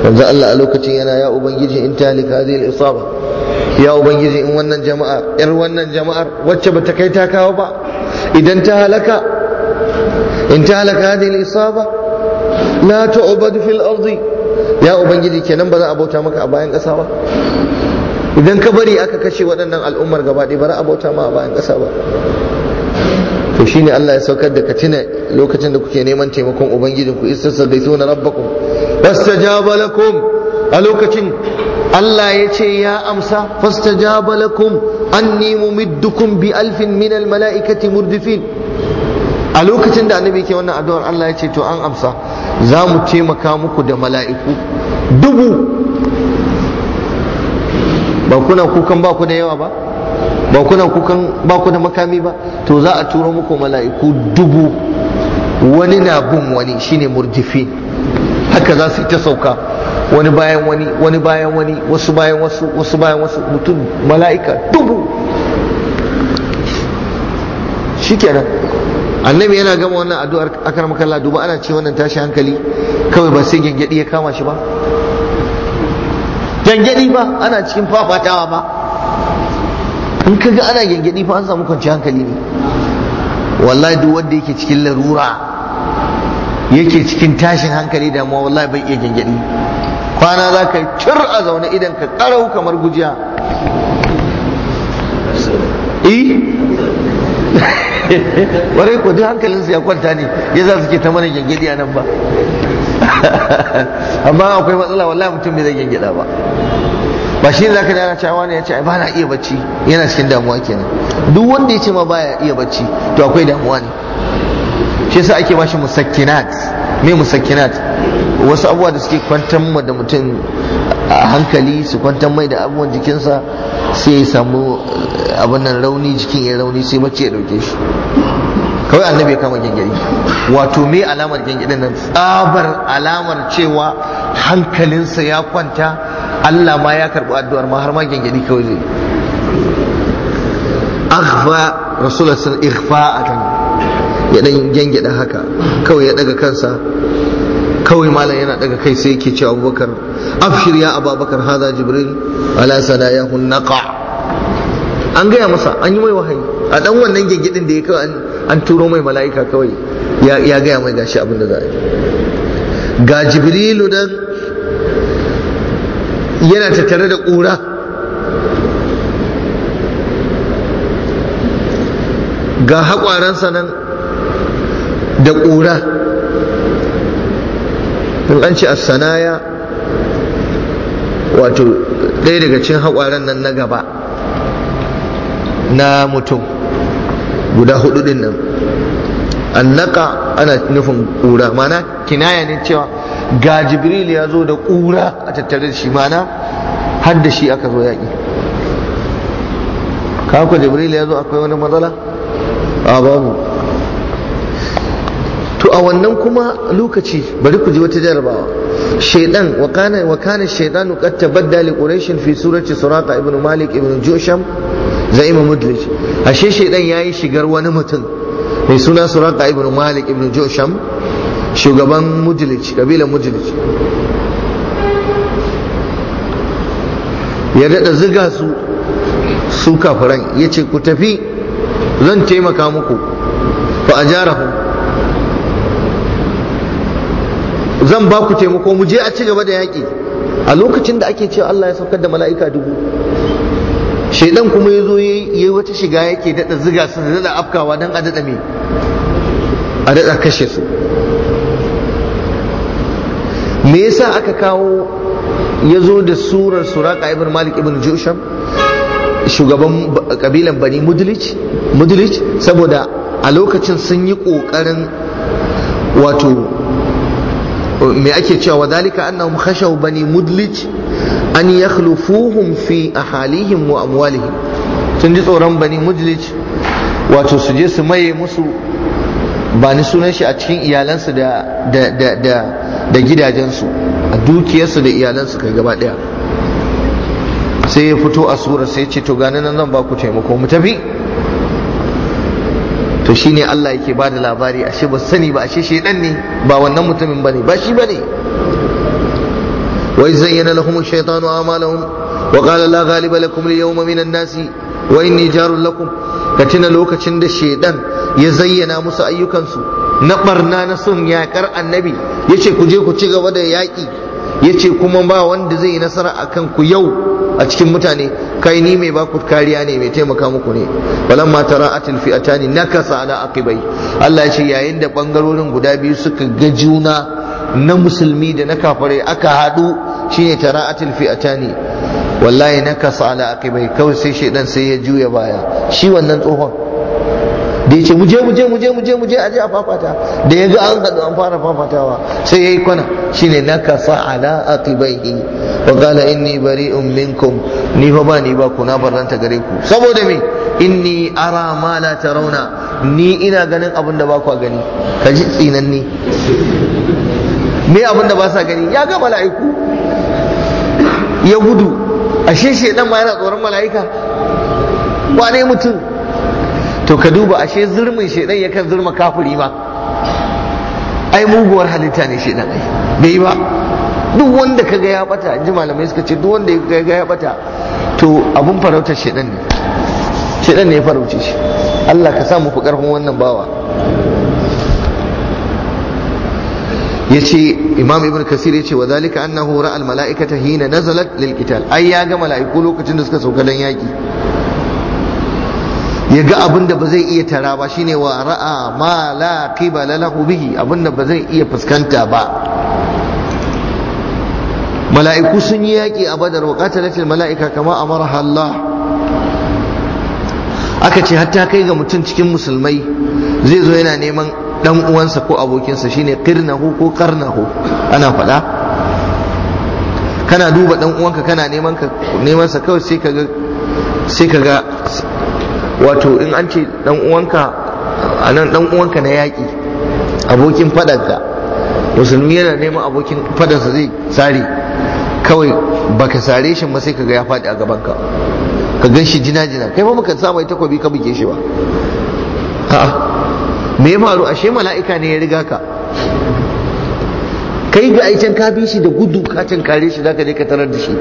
manzo Allah a lokacin yana ya ubangiji in talika hadhihi al-isaba ya ubangiji in wannan jama'a yar wannan jama'ar wacce bata kai ta kawo ba idan ta halaka in ta halaka hadhihi al-isaba la tu'badu fil ardi ya ubangiji kenan ba za a bauta maka a bayan ƙasa ba idan ka bari aka kashe waɗannan al'ummar gaba ɗaya ba za a bauta ma a bayan ƙasa ba to shine Allah ya saukar da katina lokacin da kuke neman taimakon ubangijin ku istasabbaituna rabbakum fastajaba lakum a lokacin Allah ya ce ya amsa fastajaba lakum anni mumiddukum bi alfin min al mala'ikati murdifin a lokacin da annabi ke wannan addu'ar Allah ya ce to an amsa za mu taimaka muku da mala'iku dubu ba kuna kukan ba ku da yawa ba ba kuna kukan ba ku da makami ba to za a turo muku mala'iku dubu wani na bin wani shine murjifi haka za su ta sauka wani bayan wani wani bayan wani wasu bayan wasu wasu bayan wasu mutum mala'ika dubu shikenan annabi yana gama wannan addu'ar akar makalla duba ana ce wannan tashi hankali kawai ba sai gyangyaɗi ya kama shi ba gyangyaɗi ba ana cikin fafatawa ba in ka ga ana gyangyaɗi fa an samu kwanci hankali ne wallahi duk wanda yake cikin larura yake cikin tashin hankali damuwa wallahi bai iya gyangyaɗi kwana za ka cir a zaune idan ka karau kamar gujiya eh warai ko duk hankalinsu ya kwanta ne ya za ke ta mana gyangyaɗi a nan ba amma akwai matsala wallahi mutum bai zai gyangyaɗa ba ba shi ne za ka dana cewa ne ya ce ba na iya bacci yana cikin damuwa kenan duk wanda ya ce ma baya iya bacci to akwai damuwa ne shi yasa ake bashi musakkinat me musakkinat wasu abubuwa da suke kwantar mu da mutum a hankali su kwantar mai da abubuwan jikinsa sai ya samu eh, abin rauni jikin ya rauni sai bacci ya dauke shi kawai annabi ya kama gyangyari wato me alamar gyangyarin nan tsabar alamar cewa hankalinsa ya kwanta Allah ma ya karɓi addu'ar ma har ma gyangyaɗi kawai zai aghfa rasulullah sun ighfa akan ya dan gyangyaɗa haka kawai ya daga kansa kawai malam yana daga kai sai yake cewa abubakar afshir ya ababakar haza jibril ala sadayahu naqa an gaya masa an yi mai wahayi a dan wannan gingidin da ya kawai an turo mai mala'ika kawai ya gaya mai gashi abin da za a yi ga jibrilu dan yana tattare da ƙura ga haƙwaransa nan da ƙura in an ce as-sanaya wato ɗaya daga cin haƙwaran nan na gaba na mutum guda hudu din nan naka ana nufin ƙura mana kinaya ne cewa ga jibril ya zo da ƙura a tattare da shi mana har da shi aka zo yaƙi kawo jibril ya zo akwai wani matsala a babu a wannan kuma lokaci bari ku ji wata jarabawa shaidan wa kana wa kana shaidanu qad tabadda li fi surati suraqa ibn malik ibn jusham za'ima mudlij ashe shaidan yayi shigar wani mutum mai suna suraqa ibn malik ibn jusham shugaban mudlij kabilan mudlij ya dada ziga su su kafiran yace ku tafi zan taimaka muku fa ajarahum zan ba ku taimako mu je a ci gaba da yaƙi a lokacin da ake cewa Allah ya saukar da mala'ika dubu shaidan kuma ya zo ya yi wata shiga yake daɗa ziga su da daɗa afkawa don a daɗa me a daɗa kashe su me yasa aka kawo ya zo da surar suraka ibn malik ibn jusham shugaban kabilan bani mudlic saboda a lokacin sun yi ƙoƙarin wato me ake cewa wa dalika annahum khashaw bani mudlij an yakhlufuhum fi ahalihim wa amwalihim sun ji tsoron bani mudlij wato su je su maye musu ba ni sunan shi a cikin iyalansu da da da da da gidajensu a dukiyarsu da iyalansu kai gaba daya sai ya fito a sura sai ya ce to gani nan zan ba ku taimako mu tafi to shine Allah yake ba da labari ashe ba sani ba ashe shedan ne ba wannan mutumin ba ne ba shi ba ne wai zayyana lahum shaytanu amalahum wa qala la kuma lakum al-yawm nasi. Wai ne wa lakum ka tuna lokacin da shaidan ya zayyana musu ayyukansu na barna na sun yakar annabi yace ku je ku ci gaba da yaki yace kuma ba wanda zai yi nasara akan ku yau a cikin mutane kai ni mai baku kariya ne mai taimaka muku ne walan walamma tara'atil fi'atani nakasa ala aqibai Allah ya ce yayin da bangarorin guda biyu suka ga juna na musulmi da na kafare aka hadu shine tara'atil fi'atani wallahi nakasa ala aqibai kawai sai shedan sai ya juya baya shi wannan tsohon da ya ce muje muje muje muje muje aje a fafata da ya ga an haɗu an fara fafatawa sai ya yi kwana shine na kasa ala aqibaihi wa qala inni bari'un minkum ni fa ba ni ba ku na barranta gare ku saboda me inni ara ma la tarawna ni ina ganin abin da ba ku gani Ka ji tsinan ni. me abin da ba sa gani ya ga mala'iku ya gudu ashe shedan ma yana tsoron mala'ika wane mutum to ka duba ashe zurmin shedan yakan zurma kafiri ma ai muguwar halitta ne shedan ai bai ba duk wanda kaga ya bata in ji malamai suka ce duk wanda kaga ya bata to abun farautar shedan ne shedan ne ya farauce shi Allah ka sa mu fi karfin wannan bawa yace imam ibn kasir yace wa zalika annahu ra'a al mala'ikata hina nazalat lil qital ai ya ga mala'iku lokacin da suka sauka dan yaki ya ga abin da ba zai iya tara ba shine wa ra'a ma la qibala lahu bihi abin da ba zai iya fuskanta ba mala'iku sun yi yaƙi a badar wa qatalatil mala'ika kama amara Allah aka ce hatta kai ga mutum cikin musulmai zai zo yana neman dan uwansa ko abokinsa shine qirnahu ko qarnahu ana faɗa kana duba dan uwanka kana neman sa kawai sai kaga sai kaga wato in an ce dan uwanka a nan dan uwanka na yaki, abokin fadanka musulmi yana neman abokin fadansa zai sare kawai baka sare shi ba sai kaga ya faɗi a gaban ka ka gan shi jina jina kai ba baka samu mai takobi ka buke shi ba a'a me ya faru ashe mala'ika ne ya riga ka kai ga ai can ka bi shi da gudu ka can kare shi zaka je ka tarar da shi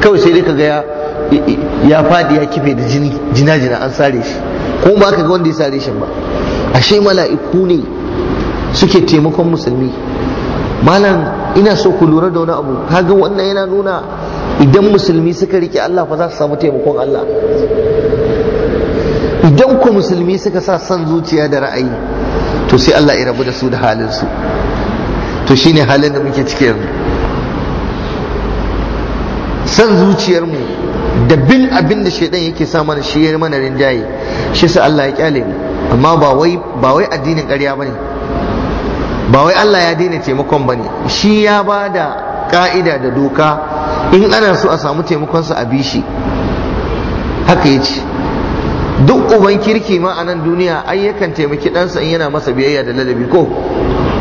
kawai sai dai ka ga ya ya fadi ya kife da jini jina jina an sare shi ko ba ka ga wanda ya sare shi ba ashe mala'iku ne suke taimakon musulmi malam ina so ku lura da wani abu kaga wannan yana nuna idan musulmi suka rike Allah fa za su samu taimakon Allah idan ku musulmi suka sa son zuciya da ra'ayi to sai Allah ya rabu da su da halin su to shi ne halin da muke ciki yanzu san zuciyarmu da bin abin da shaidan yake sa mana shi ya mana rinjaye shi sa Allah ya kyale mu amma ba wai addinin ƙarya bane ba wai Allah ya daina taimakon bane shi ya ba da ƙa'ida da doka in ana so a samu taimakon sa a bi shi haka yace duk uban kirki ma a nan duniya ayyukan taimaki ɗansa in yana masa biyayya da ladabi ko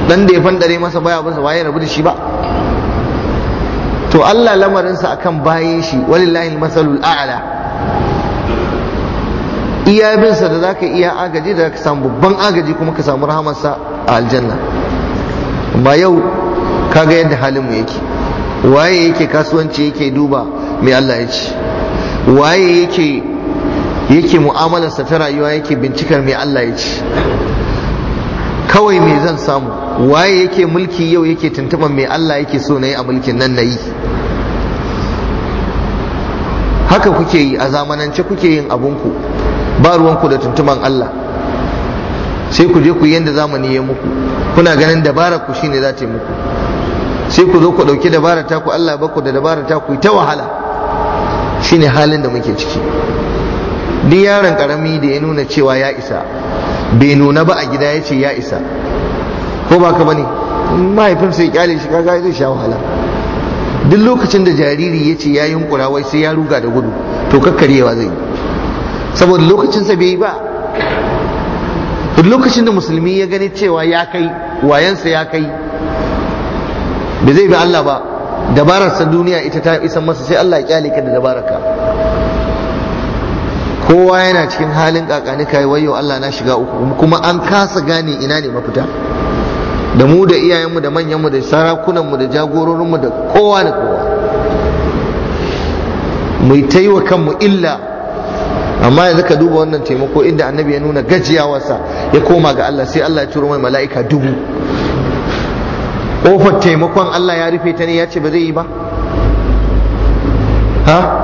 dan da ya fandare masa baya masa waye rabu da shi ba to Allah lamarin sa akan bayin shi walillahi masalul a'la iya sa da zaka iya agaji da zaka samu babban agaji kuma ka samu rahamarsa a aljanna ba yau kaga yadda halin mu yake waye yake kasuwanci yake duba mai Allah ya ce waye yake yake mu'amalarsa ta rayuwa yake bincikar mai Allah ya ce kawai me zan samu waye yake mulki yau yake tuntuban me Allah yake so na yi a mulkin nan na yi haka kuke yi a zamanance kuke yin abunku ba ruwanku da tuntuman Allah sai ku je ku yi yadda zamani ya muku kuna ganin dabarar ku shine za ta yi muku sai ku zo ku ɗauki dabarar ku Allah baku ku da dabarar yi ta wahala shine halin da muke ciki duk yaron karami da ya nuna cewa ya isa bai nuna ba a gida ya ce ya isa ko ba ka bane mahaifin sai kyale shi kaga zai sha wahala duk lokacin da jariri ya ce ya yunkura wai sai ya ruga da gudu to kakkarewa zai saboda lokacinsa bai yi ba duk lokacin da musulmi ya gani cewa ya kai wayansa ya kai bai zai bi Allah ba dabararsa duniya ita ta isan masa sai Allah ya kyale ka da dabararka kowa yana cikin halin kakani kai wayo Allah na shiga uku kuma an kasa gane ina ne mafita da mu da iyayenmu da manyanmu da sarakunanmu da jagororinmu da kowa da kowa mai ta yi kanmu illa amma yanzu ka duba wannan taimako inda annabi ya nuna gajiyawarsa ya koma ga Allah sai Allah ya turo mai mala'ika dubu ƙofar taimakon Allah ya rufe ta ne ya ce ba zai yi ba ha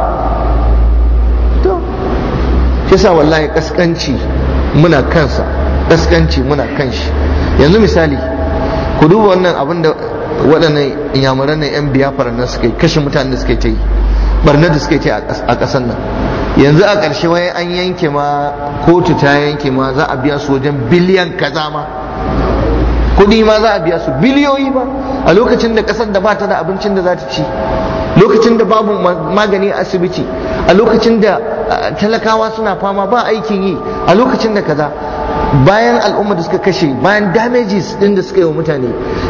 kisa wallahi kaskanci muna kansa kaskanci muna kan shi yanzu misali ku duba wannan abin da waɗannan inyamuran na yan biyafar nan suke kashe mutanen da suke ta yi barnar da suke ta a ƙasan nan yanzu a ƙarshe wai an yanke ma kotu ta yanke ma za a biya su wajen biliyan kaza ma kuɗi ma za a biya su biliyoyi ba a lokacin da ƙasar da ba ta da abincin da za ta ci lokacin da babu magani a asibiti a lokacin da talakawa suna fama ba aikin yi a lokacin da kaza bayan al'umma da suka kashe bayan damages din da suka yi wa mutane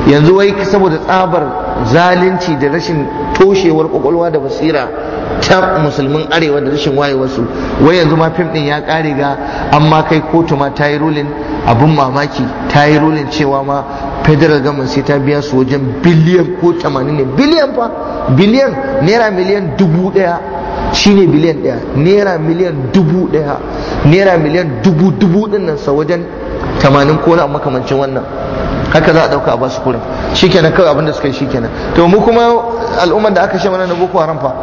yanzu wai saboda tsabar zalunci da rashin toshewar kwakwalwa da basira ta musulmin arewa da rashin wayewarsu wai yanzu ma fim din ya kare ga amma kai kotu ma ta yi rulin abin mamaki ta yi rulin cewa ma federal government sai ta biya su wajen biliyan ko 80 ne biliyan fa biliyan naira miliyan dubu daya shine biliyan ɗaya naira miliyan dubu ɗaya naira miliyan dubu dubu din nan sa wajen tamanin ko na makamancin wannan haka za a ɗauka a basu kurin shikenan kawai abinda suka yi shikenan to mu kuma al'ummar da aka mana na boko haram fa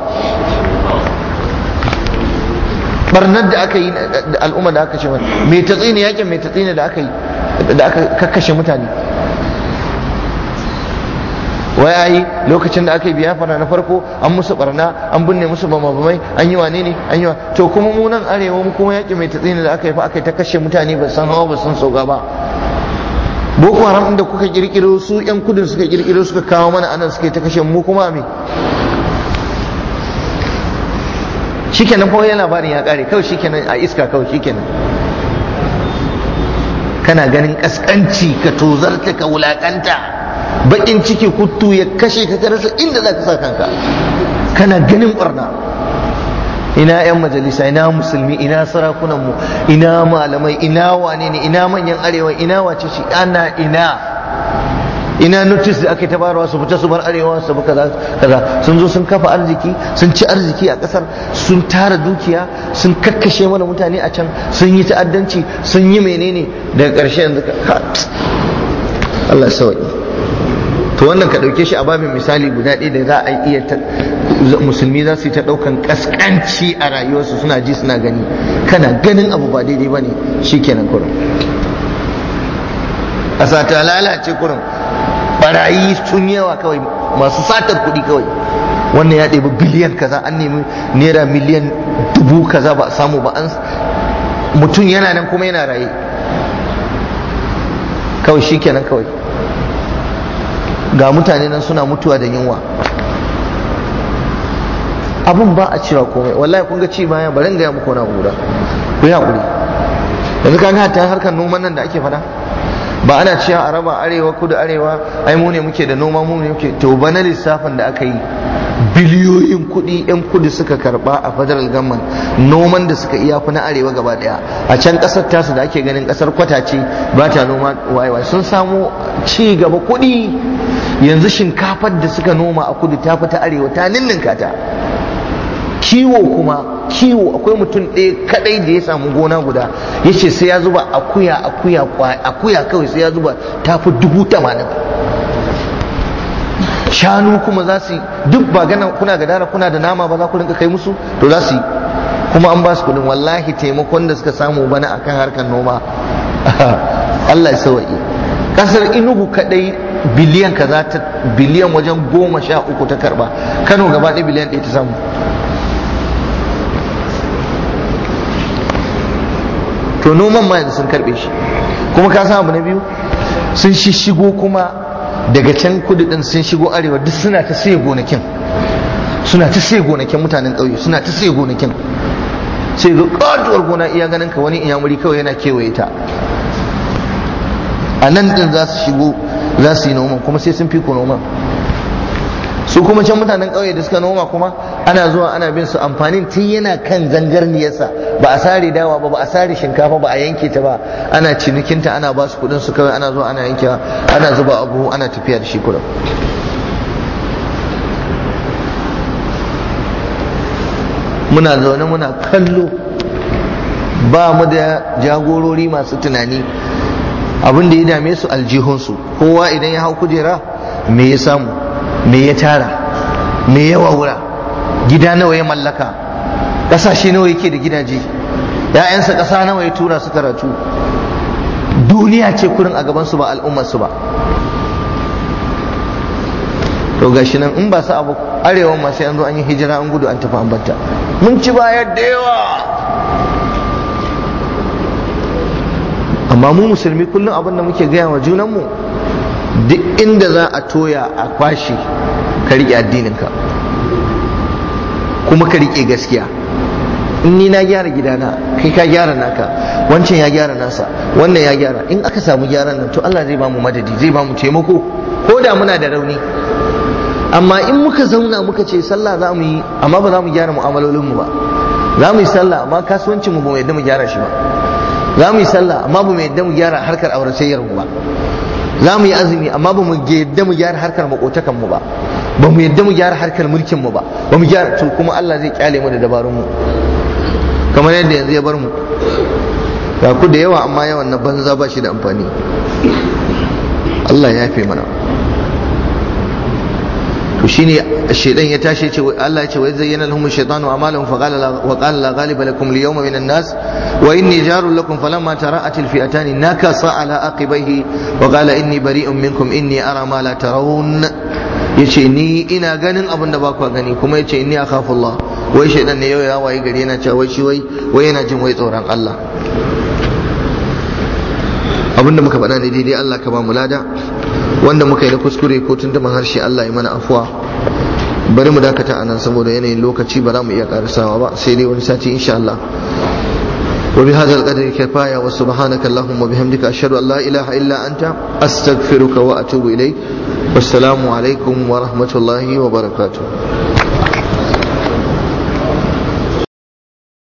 barnar da aka yi al'ummar da aka ce mana mai tatsini yakin mai tatsini da aka yi da aka kakkashe mutane wai ai lokacin da aka yi biyafara na farko an musu barna an binne musu bamabamai an yi wane ne an yi wa. to kuma mu nan arewa mu kuma yaƙi mai tatsini da aka yi fa aka yi ta kashe mutane ba san hawa ba san sauka ba boko haram inda kuka kirkiro su yan kudin suka kirkiro suka kawo mana anan suka ta kashe mu kuma me shikenan fa yana labarin ya kare kawai shikenan a iska kawai shikenan kana ganin kaskanci ka tozarta ka wulakanta bakin ciki kuttu ya kashe ka rasa inda za ka sa kanka kana ganin barna ina 'yan majalisa ina musulmi ina sarakunanmu ina malamai ina wane ne ina manyan arewa ina wace shi ana ina ina notice da aka tabarwa barawa su fita su bar arewa su bi kaza kaza sun zo sun kafa arziki sun ci arziki a kasar sun tara dukiya sun karkashe mana mutane a can sun yi ta'addanci sun yi menene daga ƙarshe yanzu Allah sauki to wannan ka ɗauke shi a babin misali guda ɗaya da za a iya musulmi za su yi ta ɗaukan ƙasƙanci a rayuwarsu suna ji suna gani kana ganin abu ba daidai ba ne shi kenan kurum a sata lalace kurum ɓarayi sun yawa kawai masu satar kuɗi kawai wannan ya ɗebi biliyan kaza an nemi naira miliyan dubu kaza ba a samu ba an mutum yana nan kuma yana raye kawai shi kenan kawai ga mutane nan suna mutuwa da yunwa abun ba a cira komai wallahi kun ga ci baya bari in gaya muku na guda ku yi yanzu ka ga ta harkar noman nan da ake fada ba ana cewa a raba arewa kudu arewa ai mu ne muke da noma mu ne muke to bana lissafin da aka yi biliyoyin kuɗi 'yan kudi suka karba a federal gamman noman da suka iya na arewa gaba daya a can kasar tasu da ake ganin ƙasar kwatace ba ta noma wayewa sun samo ci gaba kuɗi yanzu shinkafar da suka noma a kudu ta fita arewa ta ninninka ta kiwo kuma kiwo akwai mutum ɗaya kadai da ya samu gona guda ya ce sai ya zuba akuya akuya akuya kawai sai ya zuba ta fi dubu tamanin shanu kuma za su duk ba gana kuna ga dara kuna da nama ba za ku rinka kai musu to za su kuma an ba su kudin wallahi taimakon da suka samu bana akan harkar noma Allah ya kasar inugu kadai biliyan kaza ta biliyan wajen goma sha uku ta karba kano gaba ɗaya biliyan ɗaya ta samu to noman ma yanzu sun karbe shi kuma ka samu na biyu sun shishigo kuma daga can kudu din sun shigo arewa duk suna ta sai gonakin suna ta sai gonakin mutanen ƙauye suna ta sai gonakin sai ga ƙatuwar gona iya ganin ka wani iyamuri kawai yana kewaye ta a nan din za su shigo za su yi noma kuma sai sun fi ku noma su kuma can mutanen ƙauye da suka noma kuma ana zuwa ana bin su amfanin tun yana kan zangarniyarsa ba a sare dawa ba ba a sare shinkafa ba a yanke ta ba ana cinikinta ana ba su kuɗin su kawai ana zuwa ana yankewa ana zuba abu ana tafiya da shi kuɗin muna zaune muna kallo ba mu da jagorori masu tunani abin da ya dame su aljihunsu kowa idan ya hau kujera me ya samu me ya tara me ya wawura gida nawa ya mallaka ƙasashe nawa yake da gidaje ya'yansa ƙasa nawa ya tura su karatu duniya ce kurin a gabansu ba al'ummarsu ba to gashi nan in ba su abu arewa masu yanzu an yi hijira an gudu an tafi an mun ci bayar da yawa amma mu musulmi kullum abin da muke gaya wa junanmu duk inda za a toya a kwashe ka riƙe addininka kuma ka riƙe gaskiya in ni na gyara gidana kai ka gyara naka wancan ya gyara nasa wannan ya gyara in aka samu gyaran nan to Allah zai bamu madadi zai bamu taimako ko da muna da rauni amma in muka zauna muka ce sallah za mu yi amma ba za mu gyara mu'amalolinmu ba za mu yi sallah amma kasuwancinmu ba mu yadda mu gyara shi ba za mu yi sallah amma ba mu yadda mu gyara harkar auratayyar mu ba za mu yi azumi amma ba mu yadda mu gyara harkar makotakan mu ba ba mu yadda mu gyara harkar mulkin mu ba ba mu gyara to kuma Allah zai kyale mu da dabarun mu kamar yadda yanzu ya bar mu ga ku da yawa amma yawan na banza ba shi da amfani Allah ya fi mana to shine shedan ya tashi ce Allah ya ce wai zayyana lahum shaytanu amalahum fa qala wa qala la ghaliba lakum al yawma min nas wa inni jarul lakum falamma tara'at al fi'atan nakasa ala aqibaihi wa qala inni bari'un minkum inni ara ma la tarawun yace ni ina ganin abin da ba ku gani kuma yace inni akhafu Allah wai shedan ne yau ya wayi gari yana cewa wai shi wai wai yana jin wai tsoron Allah abinda muka faɗa ne daidai Allah ka ba mu lada wanda muka yi na kuskure ko tuntuman harshe Allah ya mana afuwa bari mu dakata anan saboda yanayin lokaci ba za mu iya karasawa ba sai dai wani sati insha Allah wa bi hadzal qadri kifaya wa subhanaka allahumma bihamdika ashhadu an la ilaha illa anta astaghfiruka wa atubu ilaik wassalamu alaikum wa rahmatullahi wa barakatuh